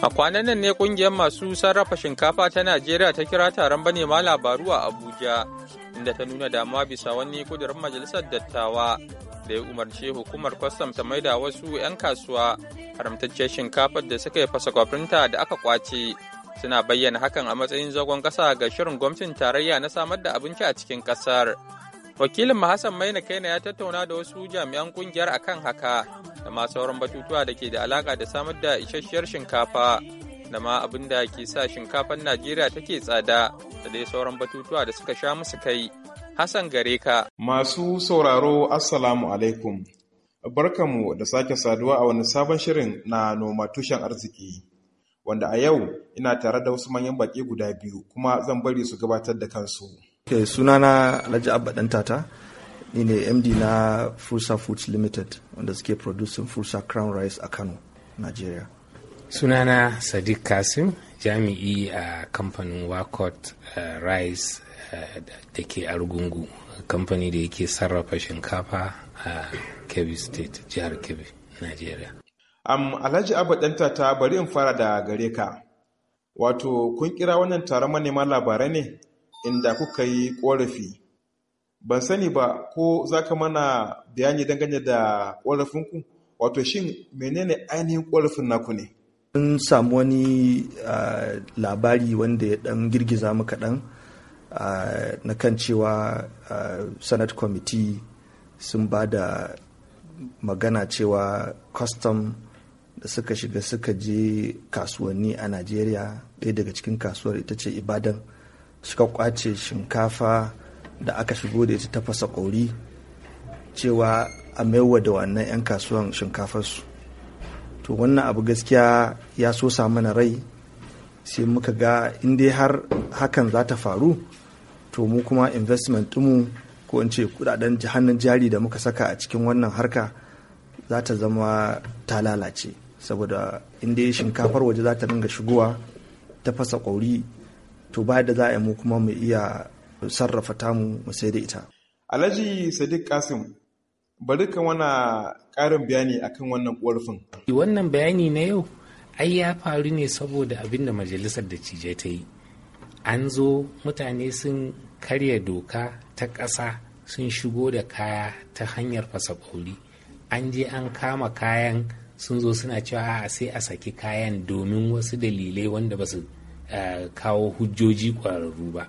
A kwanan nan ne kungiyar masu sarrafa shinkafa ta Najeriya ta kira taron manema labaru a Abuja, inda ta nuna damuwa bisa wani kudurin majalisar dattawa da ya umarce hukumar kwastam ta maida wasu 'yan kasuwa haramtacciyar shinkafar da suka yi kwafinta da aka kwace. Suna bayyana hakan a matsayin zagon ƙasa ga shirin gwamnatin tarayya na samar da abinci a cikin ƙasar. Wakilin Hassan Maina Kaina ya tattauna da wasu jami'an kungiyar akan haka da ma sauran batutuwa da ke da alaka da samar da isasshiyar shinkafa da ma abin da ke sa shinkafar Najeriya take tsada da dai sauran batutuwa da suka sha musu kai. Hassan gare ka. Masu sauraro Assalamu alaikum. barkamu da sake saduwa a wani sabon shirin na noma tushen arziki. Wanda a yau ina tare da wasu manyan baƙi guda biyu kuma zan bari su gabatar da kansu. sunana Alhaji Abba Dantata. ni ne md na fursa foods limited wanda suke producing fursa crown rice a kano nigeria sunana sadiq kasim jami'i a kamfanin wakot uh, rice uh, da ke argungu kamfani da yake sarrafa shinkafa a kebbi state jihar kebbi nigeria Am alhaji abadanta ta bari in fara da gare ka wato kun kira wannan taron manema labarai ne inda kuka yi korafi ban sani ba ko za ka mana bayani dangane da ƙorafinku wato shin menene ainihin ƙorafin naku ne Mun samu wani labari wanda ya ɗan girgiza mu kaɗan na kan cewa senate committee sun ba da magana cewa custom da suka shiga suka je kasuwanni a Nigeria. ɗaya daga cikin kasuwar ita ce ibadan suka kwace shinkafa da aka shigo da ita ta fasa kori cewa a maiwa da wannan 'yan kasuwan shinkafarsu to wannan abu gaskiya ya so mana rai sai muka ga in har hakan za ta faru to mu kuma investment mu ko in ce kudaden hannun jari da muka saka a cikin wannan harka za ta zama ta lalace saboda in dai shinkafar waje za ta ringa shigowa ta fasa ƙauri to ba da za a yi mu kuma mu iya sarrafa tamu mu sai da ita. Alhaji Sadiq Kasim bari ka wana ƙarin bayani akan wannan ƙorafin. Wannan bayani na yau ai ya faru ne saboda abin da majalisar da cije ta yi. An zo mutane sun karya doka ta ƙasa sun shigo da kaya ta hanyar fasakori. An je an kama kayan sun zo suna cewa a sai a saki kayan domin wasu dalilai wanda ba su eh, kawo hujjoji ƙwararru ba.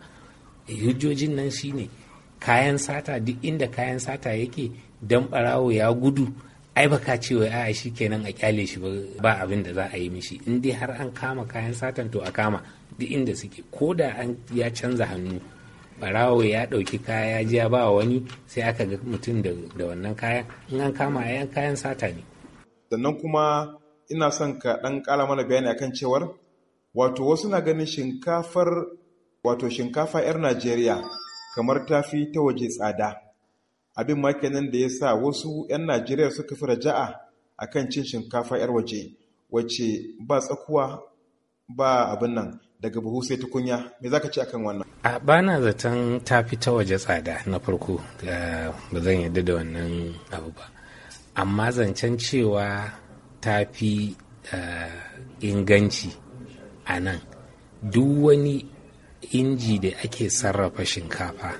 Eh, hujjojin nan shine kayan sata duk inda kayan sata yake dan barawo ya gudu ai baka cewa a shi kenan a kyale shi ba abin da za a yi mishi in dai har an kama kayan satan to a kama duk inda suke ko da an ya canza hannu barawo ya ɗauki kaya ya ba wani sai aka ga mutum da wannan kayan in an kama yan kayan sata ne sannan kuma ina son ka ɗan ƙara mana bayani akan cewar wato wasu na ganin shinkafar wato shinkafa 'yar Najeriya kamar ta fi ta waje tsada. Abin ma kenan da ya sa wasu 'yan Najeriya suka fi raja'a a kan cin shinkafa 'yar waje, wacce ba tsakuwa ba abin nan daga buhu sai tukunya. Me za ka ce akan wannan? A bana zaton ta fi ta waje tsada na farko, ba zan yadda da wannan abu ba. Amma zancen cewa ta fi eh, inganci a nan, duk wani inji da ake sarrafa shinkafa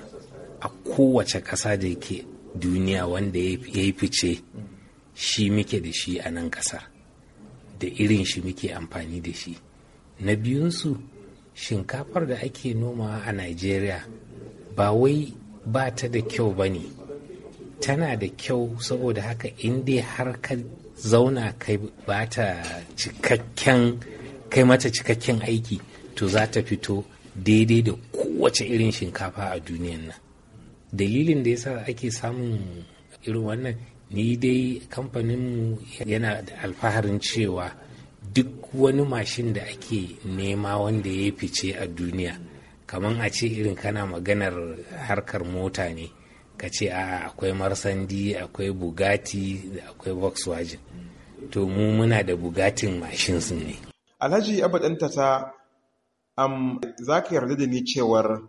a kowace ƙasa da ke duniya wanda ya yi fice shi muke da shi a nan ƙasar da irin shi muke amfani da shi na biyunsu shinkafar da ake nomawa a nigeria ba wai ba ta da kyau ba ne tana da kyau saboda haka in dai har ka zauna kai ba ta cikakken kai mata cikakken aiki to za ta fito daidai da kowace irin shinkafa a duniyan nan dalilin da yasa ake samun irin wannan ni dai kamfaninmu yana da alfaharin cewa duk wani mashin da ake nema wanda ya fice a duniya kamar a ce irin kana maganar harkar mota ne ka ce a akwai marsandi akwai bugatti da akwai volkswagen to mu muna da bugatin mashin ne alhaji abadan ta am za ka yarda da ni cewar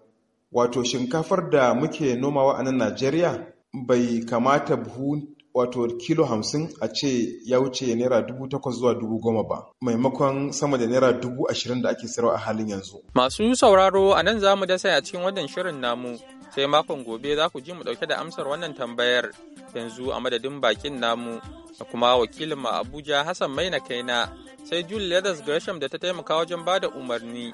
wato shinkafar da muke nomawa a nan najeriya bai kamata buhu wato kilo hamsin a ce ya wuce naira dubu takwas zuwa dubu goma ba maimakon sama da naira dubu ashirin da ake sayarwa a halin yanzu masu sauraro a nan za mu dasa a cikin wannan shirin namu sai makon gobe za ku ji mu ɗauke da amsar wannan tambayar yanzu a madadin bakin namu da kuma wakilin mu abuja hassan maina kaina sai julie gresham da ta taimaka wajen bada umarni